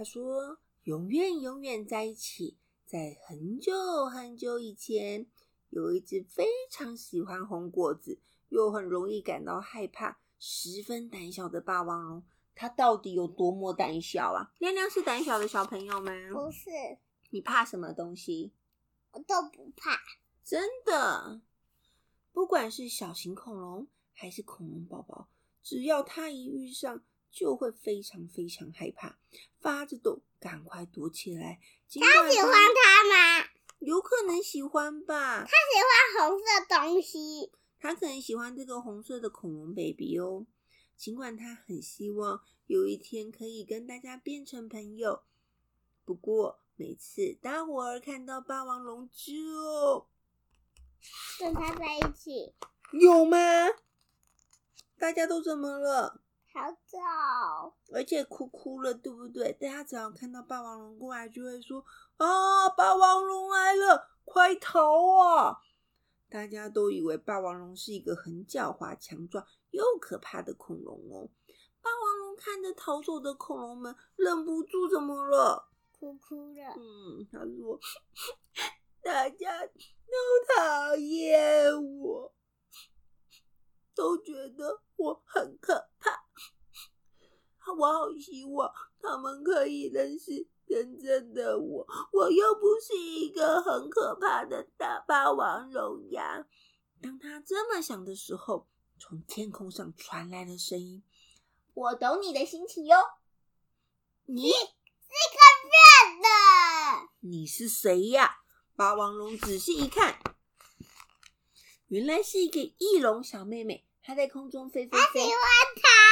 他說：“永遠永遠在一起。”在很久很久以前，有一隻非常喜歡紅果子，又很容易感到害怕，十分膽小的霸王龍，哦。他到底有多麼膽小啊？亮亮是膽小的小朋友嗎？不是。你怕什麼東西？我都不怕。真的，不管是小型恐龍還是恐龍寶寶，只要他一遇上，就會非常非常害怕，發着抖，趕快躲起來他。他喜歡他嗎？有可能喜歡吧。他喜歡紅色東西。他可能喜歡這個紅色的恐龍 baby 哦。儘管他很希望有一天可以跟大家變成朋友，不過每次大夥兒看到霸王龍就，跟他在一起。有嗎？大家都怎麼了？好早，而且哭哭了，對不對？大家只要看到霸王龍過來，就會說：“啊，霸王龍來了，快逃啊。”大家都以為霸王龍是一個很狡猾、強壯又可怕的恐龍哦。霸王龍看着逃走的恐龍們，忍不住怎麼了？哭哭了。嗯，他說：“大家都討厭我，都覺得我很可怕。”我好希望他們可以認識真正的我，我又不是一個很可怕的大霸王龍呀。當他這麼想的時候，從天空上傳來了聲音：“我懂你的心情喲，你是個壞的。”你是誰呀？霸王龍仔細一看，原來是一個翼龍小妹妹，她在空中飛飛飛飛。我喜歡它。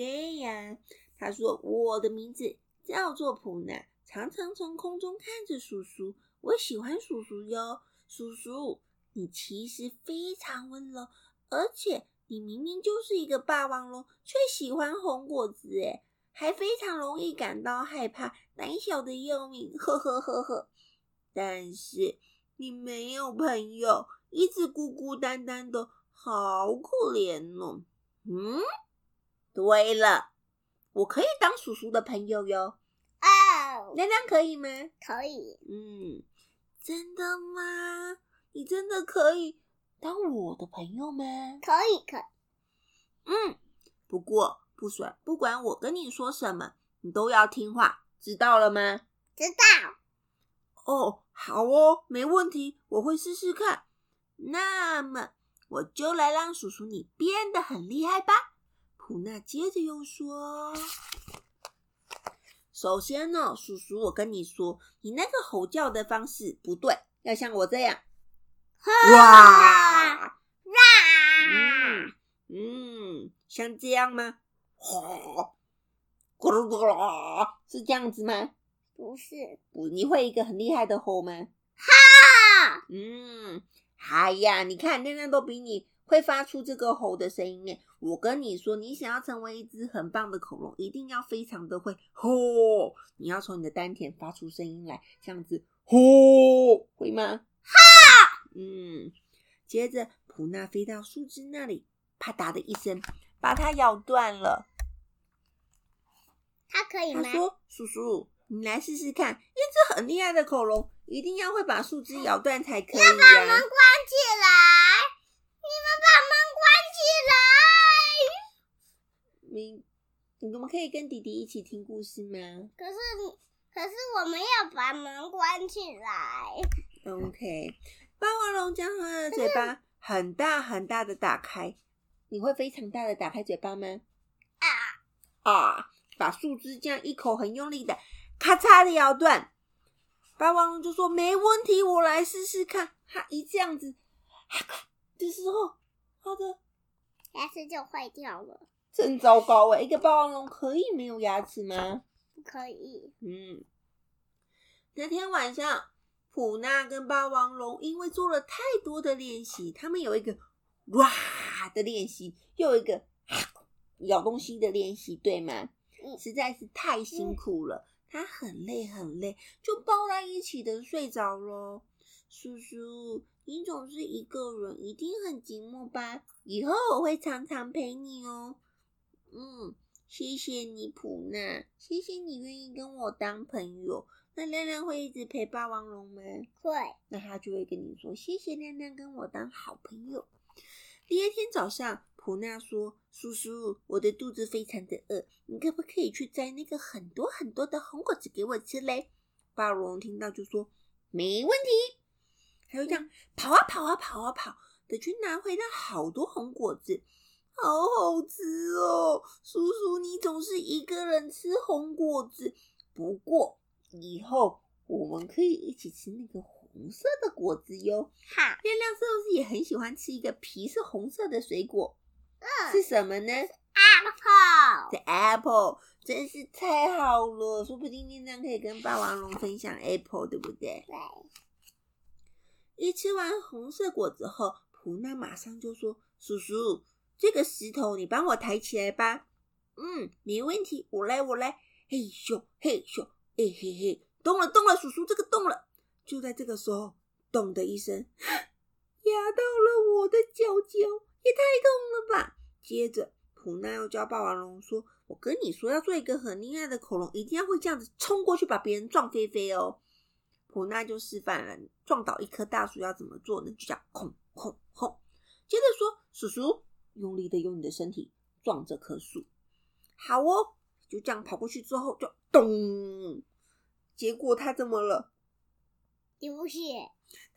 對呀，啊，他說我的名字叫做普南，常常從空中看着叔叔。我喜歡叔叔喲，叔叔，你其實非常溫柔，而且你明明就是一個霸王龍，卻喜歡紅果子，哎，還非常容易感到害怕，膽小的要命。呵呵呵呵。但是你沒有朋友，一直孤孤單單的，好可憐哦。嗯。對了，我可以當叔叔的朋友喲。哦。亮亮可以嗎？可以。嗯，真的嗎？你真的可以當我的朋友嗎？可以，可以。嗯，不過，不算，不管我跟你說什麼，你都要聽話，知道了嗎？知道。哦，好哦，沒問題，我會試試看。那麼，我就來讓叔叔你變得很厲害吧。古娜接着又說：“首先呢，叔叔，我跟你說，你那個吼叫的方式不對，要像我這樣。啊、哇、啊嗯！嗯，像這樣嗎？咕嚕咕啦，是這樣子嗎？不是。你會一個很厲害的吼嗎？哈、啊！嗯，哎呀，你看，亮、那、亮、個、都比你。”會發出這個吼的聲音耶！我跟你說，你想要成為一隻很棒的恐龍，一定要非常的會吼。你要從你的丹田發出聲音來，這樣子吼，會嗎？哈！嗯。接着普娜飛到樹枝那裡，啪嗒的一聲，把它咬斷了。它可以嗎？叔叔，你來試試看，一隻很厲害的恐龍，一定要會把樹枝咬斷才可以。要把門關起來。你我們可以跟弟弟一起聽故事嗎？可是可是我們要把門關起來。OK，霸王龍將它的嘴巴很大很大的打開，你會非常大的打開嘴巴嗎？啊啊！把樹枝這樣一口很用力的咔嚓的咬斷，霸王龍就說沒問題，我來試試看。它一這樣子，啊，的時候，它的牙齒就壞掉了。真糟糕，哎、欸！一個霸王龍可以沒有牙齒嗎？可以。嗯。那天晚上，普娜跟霸王龍因為做了太多的練習，他們有一個“哇”的練習，又有一個咬東西的練習，對嗎、嗯？實在是太辛苦了，嗯、他很累很累，就抱在一起的睡着咯。叔叔，你總是一個人，一定很寂寞吧？以後我會常常陪你哦。嗯，謝謝你，普娜。謝謝你願意跟我當朋友。那亮亮會一直陪霸王龍嗎？會，那他就會跟你說，謝謝亮亮跟我當好朋友。第二天早上，普娜說：“叔叔，我的肚子非常的餓，你可不可以去摘那個很多很多的紅果子給我吃嘞？”霸王龍聽到就說：“沒問題。”還有這樣跑啊跑啊跑啊跑啊跑，的去拿回來好多紅果子。好好吃哦，叔叔，你總是一個人吃紅果子。不過以後我們可以一起吃那個紅色的果子喲。哈，亮亮是不是也很喜歡吃一個皮是紅色的水果？嗯，是什麼呢？Apple。是 Apple，真是太好了，說不定亮亮可以跟霸王龍分享 Apple，對不對？對、嗯。一吃完紅色果子後，普娜馬上就說：“叔叔。”這個石頭，你幫我抬起來吧。嗯，沒問題，我來，我來。嘿咻，嘿咻，嘿咻嘿，嘿嘿，動了，動了，叔叔這個動了。就在這個時候，咚的一聲，壓到了我的腳腳，也太痛了吧。接着，普奈又叫霸王龍說：“我跟你說，要做一個很厲害的恐龍，一定要會這樣子衝過去把別人撞飛飛哦。”普奈就示範了，撞倒一棵大樹要怎麼做呢，那就叫轟轟轟。接着說，叔叔。用力的用你的身體撞這棵樹，好哦，就這樣跑過去之後就，就咚，結果他怎麼了？流血，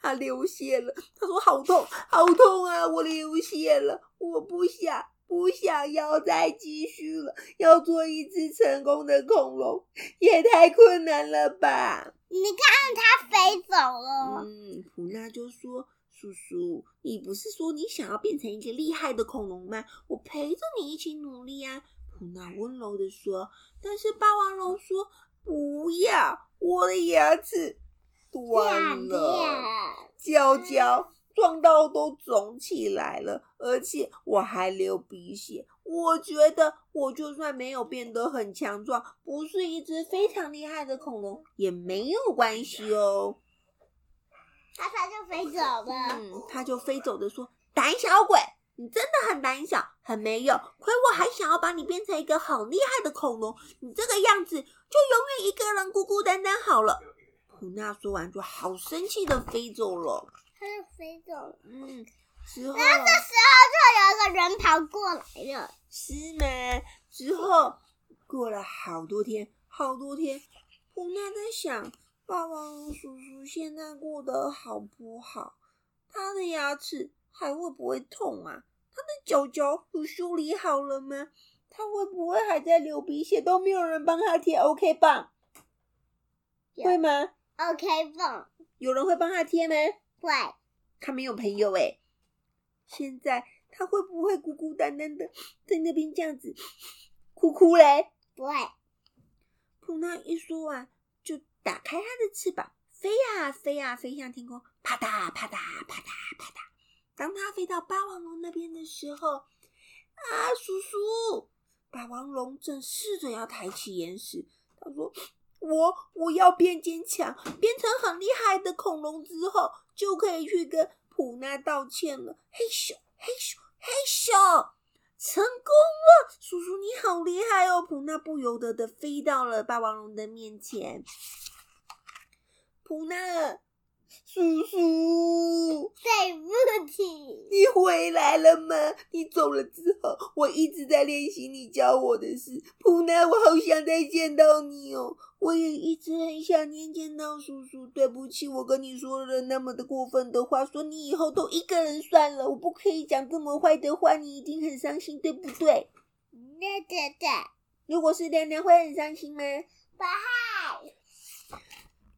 他流血了。他說：“好痛，好痛啊！我流血了，我不想不想要再繼續了。要做一隻成功的恐龍，也太困難了吧？”你看他飛走了。嗯，普娜就說。叔叔，你不是說你想要變成一只厲害的恐龍嗎？我陪着你一起努力啊！普娜溫柔的說。但是霸王龍說：“不要，我的牙齒斷了，腳腳撞到都腫起來了，而且我還流鼻血。我覺得我就算沒有變得很強壯，不是一隻非常厲害的恐龍，也沒有關係哦。”它就飛走了。嗯，它就飛走的說：“膽小鬼，你真的很膽小，很沒用。虧我還想要把你變成一個好厲害的恐龍，你這個樣子就永遠一個人孤孤單單好了。”普娜說完，就好生氣的飛走了，他就飛走了。嗯，之後，然後這時候就有一個人跑過來了。是嗎？之後過了好多天，好多天，普娜在想。.霸王龍叔叔現在過得好不好？他的牙齒還會不會痛啊？他的腳腳有修理好了嗎？他會不會還在流鼻血？都沒有人幫他貼 OK 棒，會嗎？OK 棒，有，會、OK、吧，有人會幫他貼嗎？會。他沒有朋友哎、欸，現在他會不會孤孤單單的在那邊這樣子哭哭嘞？不會。可那一說完。就打開它的翅膀，飛呀、啊、飛呀、啊，飛向天空，啪嗒啪嗒啪嗒啪嗒。當它飛到霸王龍那邊的時候，啊，叔叔！霸王龍正試着要抬起岩石。他說：“我我要變堅強，變成很厲害的恐龍之後，就可以去跟普娜道歉了。嘿”嘿咻嘿咻嘿咻，成功！叔叔，你好厲害哦！普娜不由得的飛到了霸王龍的面前。普娜，叔叔，對不起，你回來了嗎？你走了之後，我一直在練習你教我的事。普娜，我好想再見到你哦！我也一直很想念見到叔叔。對不起，我跟你說了那麼的過分的話，說你以後都一個人算了。我不可以講這麼壞的話，你一定很傷心，對不對？對對對，如果是亮亮會很傷心嗎？不會。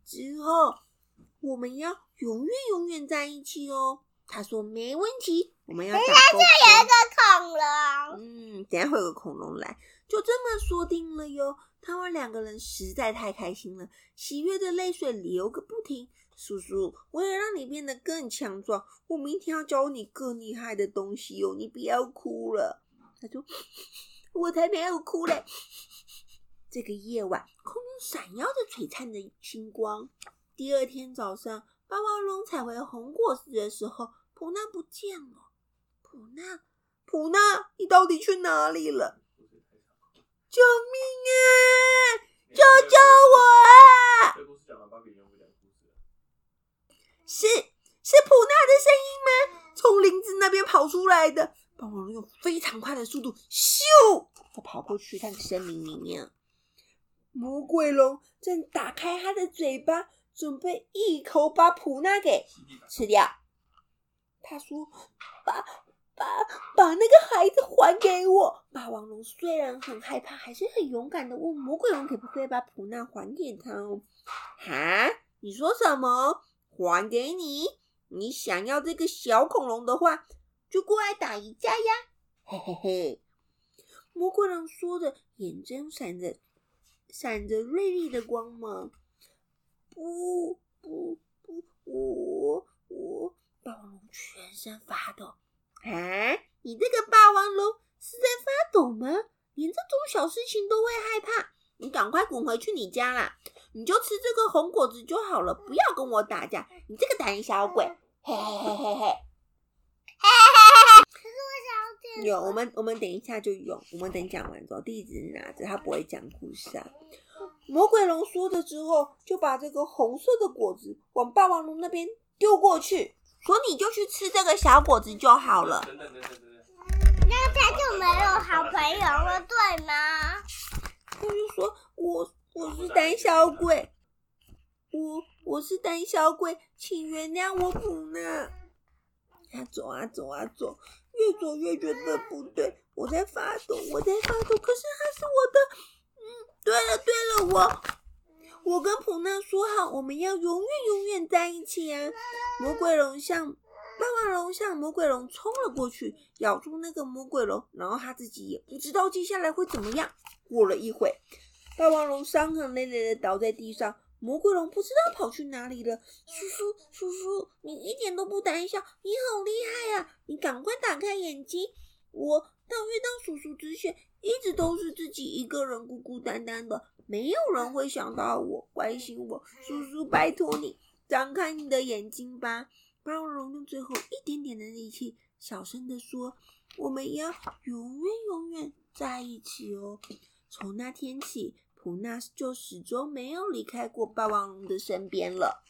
之後我們要永遠永遠在一起哦。他說沒問題。我們要打狗狗，人家就有一個恐龍。嗯，等下會有個恐龍來，就這麼說定了喲。他們兩個人實在太開心了，喜悅的淚水流個不停。叔叔，我也讓你變得更強壯，我明天要教你更厲害的東西哦。你不要哭了。他說。 我才沒有哭嘞！這個夜晚，空中閃耀着璀璨的星光。第二天早上，霸王龍採回紅果實的時候，普娜不見了。普娜普娜，你到底去哪裡了？救命啊！救啊救，救我啊！啊啊啊是是普娜的聲音嗎？從林子那邊跑出來的。霸王龍用非常快的速度，咻！它跑過去，它的森林裡面，魔鬼龍正打開它的嘴巴，準備一口把普納給吃掉。他說：“把把把那個孩子還給我！”霸王龍雖然很害怕，還是很勇敢的問魔鬼龍：“可不可以把普納還給他？”哦，哈？你說什麼？還給你？你想要這個小恐龍的話？就過來打一架呀！嘿嘿嘿！魔鬼龍說着，眼睛閃着閃着銳利的光芒。不不不！我我霸王龍全身發抖。啊！你這個霸王龍是在發抖嗎？連這種小事情都會害怕？你趕快滾回去你家啦！你就吃這個紅果子就好了，不要跟我打架！你這個膽小鬼！嘿嘿嘿嘿嘿，嘿！有，我們我們等一下就有。我們等講完之後，址弟拿着他不會講故事啊。魔鬼龍說了之後，就把這個紅色的果子往霸王龍那邊丟過去，說：“你就去吃這個小果子就好了。”嗯，那他就沒有好朋友了，對嗎？他就說我我是膽小鬼，我我是膽小鬼，請原諒我苦，苦難。他走啊走啊走。越走越覺得不對，我在發抖，我在發抖。可是他是我的，嗯，對了對了，我我跟普娜說好，我們要永遠永遠在一起啊！魔鬼龍向霸王龍向魔鬼龍衝了過去，咬住那個魔鬼龍，然後他自己也不知道接下來會怎麼樣。過了一會，霸王龍傷痕累累的倒在地上。魔鬼龍不知道跑去哪裡了。叔叔，叔叔，你一點都不膽小，你好厲害啊！你趕快打開眼睛。我到遇到叔叔之前，一直都是自己一個人，孤孤單單的，沒有人會想到我，關心我。叔叔，拜托你，張開你的眼睛吧。霸王龍用最後一點點的力氣，小聲地說：“我們要永遠永遠在一起哦。”從那天起。古娜就始終沒有離開過霸王龍的身邊了。